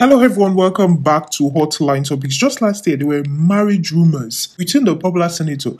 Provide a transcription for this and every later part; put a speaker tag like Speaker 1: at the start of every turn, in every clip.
Speaker 1: Hello, everyone. Welcome back to Hotline Topics. Just last year, there were marriage rumors between the popular senator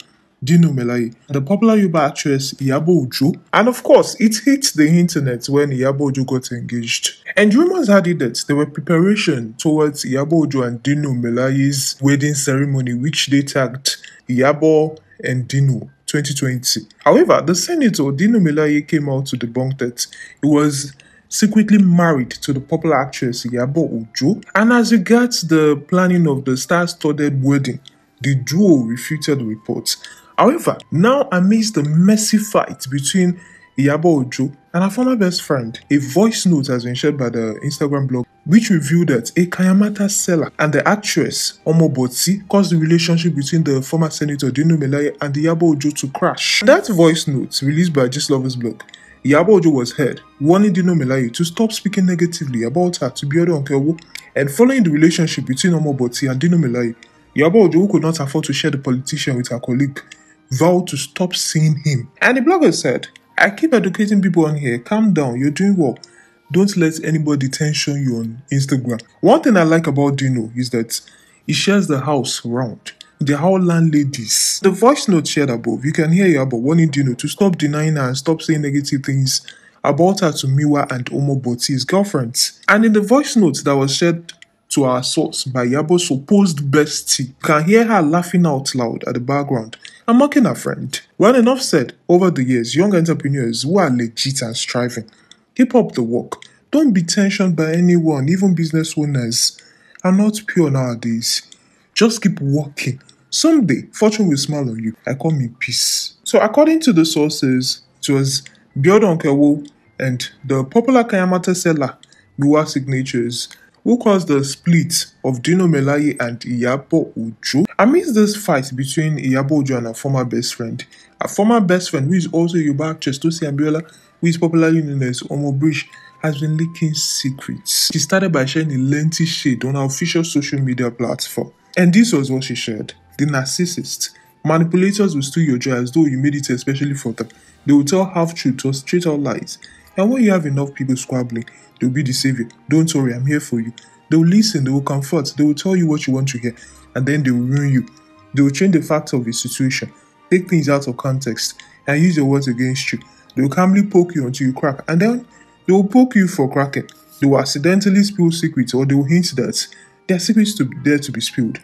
Speaker 1: Dino Melai, the popular Yuba actress Iyabo and of course, it hit the internet when Iyabo got engaged. And rumors had it that there were preparation towards Iyabo and Dino Melai's wedding ceremony, which they tagged Iyabo and Dino 2020. However, the senator Dino Melaye came out to debunk that it was secretly married to the popular actress Yabo Ojo. And as regards the planning of the star-studded wedding, the duo refuted the reports. However, now amidst the messy fight between Yabo Ojo and her former best friend, a voice note has been shared by the Instagram blog which revealed that a Kayamata seller and the actress Omobotsi caused the relationship between the former senator Dino Melaye and Yabo Ojo to crash. That voice note, released by Just Lovers blog, Yabojo was heard, warning Dino Melayu to stop speaking negatively about her to Biodo Onkewo and following the relationship between Omoboti and Dino Melayu, Yabojo, who could not afford to share the politician with her colleague, vowed to stop seeing him. And the blogger said, I keep educating people on here, calm down, you're doing well. Don't let anybody tension you on Instagram. One thing I like about Dino is that he shares the house round. The are landladies. The voice note shared above, you can hear Yabo warning Dino to stop denying her and stop saying negative things about her to Miwa and Omo Boti's girlfriends. And in the voice note that was shared to our source by Yabo's supposed bestie, you can hear her laughing out loud at the background and mocking her friend. Well, enough said, over the years, young entrepreneurs who are legit and striving, keep up the work. Don't be tensioned by anyone, even business owners are not pure nowadays. Just keep working Someday, fortune will smile on you. I call me peace. So, according to the sources, it was Bjorn Kewo and the popular Kayamata seller, Miwa Signatures, who caused the split of Dino Melaye and Iyabo Ojo. Amidst this fight between Iyabo Ojo and her former best friend, a former best friend, who is also Yoruba actress Tosi Abiola, who is popularly known as Omo Bridge, has been leaking secrets. She started by sharing a lengthy shade on her official social media platform. And this was what she shared the narcissist. Manipulators will steal your joy as though you made it especially for them. They will tell half truths or straight out lies. And when you have enough people squabbling, they'll be the savior. Don't worry, I'm here for you. They will listen, they will comfort, they will tell you what you want to hear, and then they will ruin you. They will change the facts of the situation, take things out of context, and use your words against you. They will calmly poke you until you crack, and then they will poke you for cracking. They will accidentally spill secrets, or they will hint that their secrets to be there to be spilled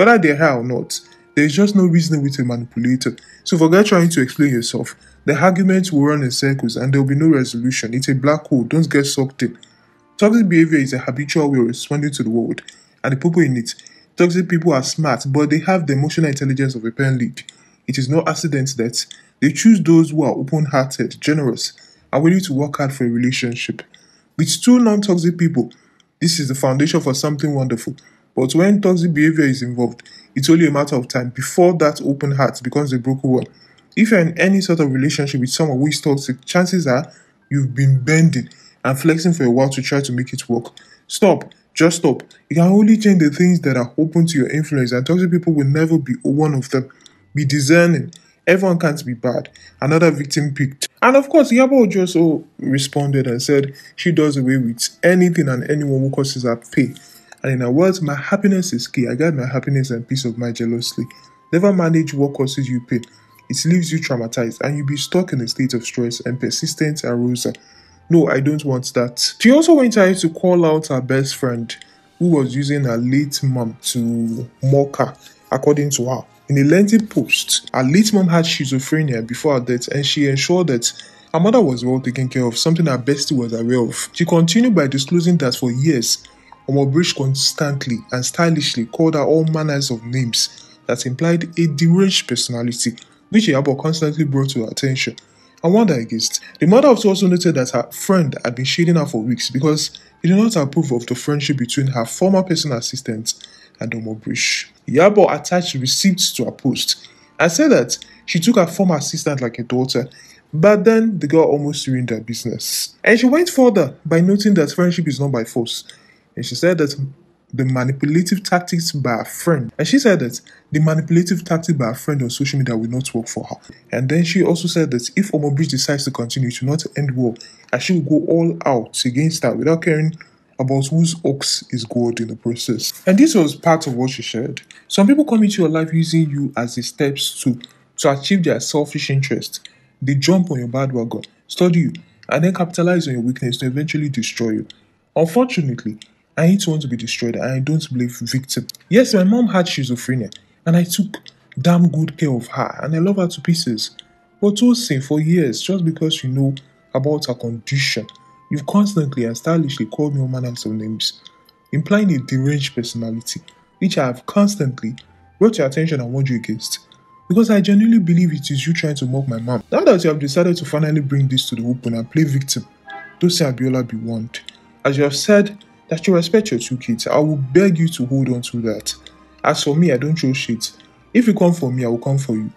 Speaker 1: whether they're high or not. There's just no reason with a manipulator. So forget trying to explain yourself. The arguments will run in circles and there will be no resolution. It's a black hole. Don't get sucked in. Toxic behavior is a habitual way of responding to the world and the people in it. Toxic people are smart, but they have the emotional intelligence of a pen league. It is no accident that they choose those who are open hearted, generous, and willing to work hard for a relationship. With two non toxic people, this is the foundation for something wonderful. But when toxic behavior is involved, it's only a matter of time before that open heart becomes a broken one. If you're in any sort of relationship with someone who is toxic, chances are you've been bending and flexing for a while to try to make it work. Stop. Just stop. You can only change the things that are open to your influence, and toxic people will never be one of them. Be discerning. Everyone can't be bad. Another victim picked. And of course, Yabo just responded and said she does away with anything and anyone who causes her pain. And in a words, my happiness is key. I guide my happiness and peace of mind jealously. Never manage what causes you pain. It leaves you traumatized and you'll be stuck in a state of stress and persistent arousal. No, I don't want that. She also went ahead to call out her best friend who was using her late mom to mock her, according to her. In a lengthy post, her late mom had schizophrenia before her death and she ensured that her mother was well taken care of, something her bestie was aware of. She continued by disclosing that for years, Omobridge constantly and stylishly called her all manners of names that implied a deranged personality, which Yabo constantly brought to her attention and warned her against. The mother of also noted that her friend had been shading her for weeks because he did not approve of the friendship between her former personal assistant and Omobridge. Yabo attached receipts to her post and said that she took her former assistant like a daughter but then the girl almost ruined her business. And she went further by noting that friendship is not by force, and she said that the manipulative tactics by a friend. And she said that the manipulative tactic by a friend on social media will not work for her. And then she also said that if Omobridge decides to continue, to not end well. And she will go all out against her without caring about whose ox is gored in the process. And this was part of what she shared. Some people come into your life using you as the steps to, to achieve their selfish interest. They jump on your bad bandwagon, study you, and then capitalize on your weakness to eventually destroy you. Unfortunately, I don't want to be destroyed. I don't believe victim. Yes, my mom had schizophrenia, and I took damn good care of her, and I love her to pieces. But Tosin, for years, just because you know about her condition, you've constantly and stylishly called me all manners of names, implying a deranged personality, which I have constantly brought your attention and warned you against. Because I genuinely believe it is you trying to mock my mom. Now that you have decided to finally bring this to the open and play victim, i Abiola be warned. As you have said, that you respect your two kids. I will beg you to hold on to that. As for me, I don't show shit. If you come for me, I will come for you.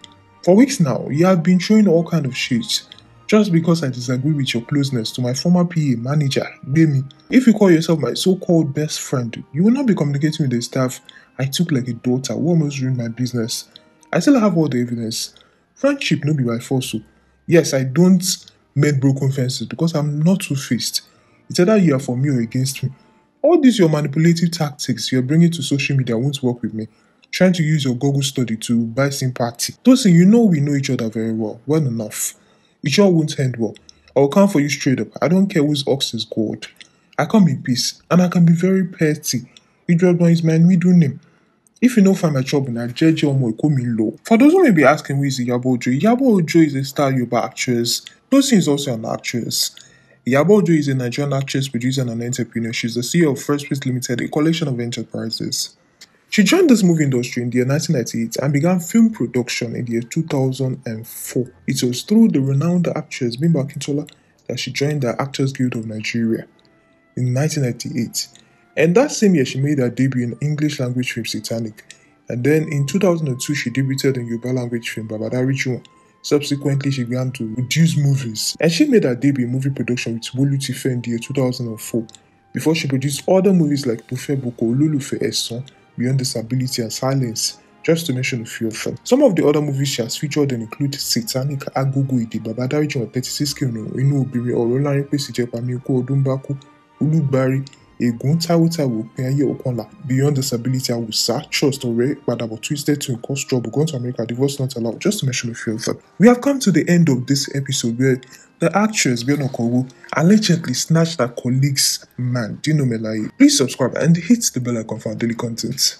Speaker 1: For weeks now, you have been showing all kind of shit. Just because I disagree with your closeness to my former PA manager, Demi. If you call yourself my so-called best friend, you will not be communicating with the staff I took like a daughter who almost ruined my business. I still have all the evidence. Friendship no be by force. So. Oh. Yes, I don't make broken fences because I'm not too faced It's either you are for me or against me. All these your manipulative tactics you're bringing to social media won't work with me. Trying to use your Google study to buy sympathy. Tosin, you know we know each other very well, well enough. It sure won't end well. I'll come for you straight up. I don't care whose ox is gold. I come in peace, and I can be very petty. Ijodun is my middle name. If you know find my trouble now, JJ Omo in low. For those who may be asking who is Yabojo? Ojo, Ojo is a star Yoruba actress. Tosin is also an actress. Yabojo is a Nigerian actress, producer, and entrepreneur. She's the CEO of First Place Limited, a collection of enterprises. She joined this movie industry in the year 1998 and began film production in the year 2004. It was through the renowned actress Bimba Akintola that she joined the Actors Guild of Nigeria in 1998. And that same year, she made her debut in English language film Satanic. And then in 2002, she debuted in Yoruba language film Babadari Juan Subsequently, she began to produce movies, and she made her debut in movie production with Bolu Tife in the year 2004, before she produced other movies like Buffet Boko, Lulufe Eson, Beyond Disability and Silence, just to mention a few of them. Some of the other movies she has featured in include Satanic Agogo Ide Babadarijan 36 Kinu, Inu Obìnrin, Orola Lárípèsè Jẹ́pamí Ikú Odumbaku, Ulubari, Eguntawotawo Penye Okonla, Beyond Disability Awusa, Trust Ore, Badabo Twisted to Cause Trouble, Gone to America, Divorce Not Allowed, just to mention a few of them. We have come to the end of this episode where the actress Bion Okowo allegedly snatched her colleague's man, Dino Melaye. Please subscribe and hit the bell icon for daily content.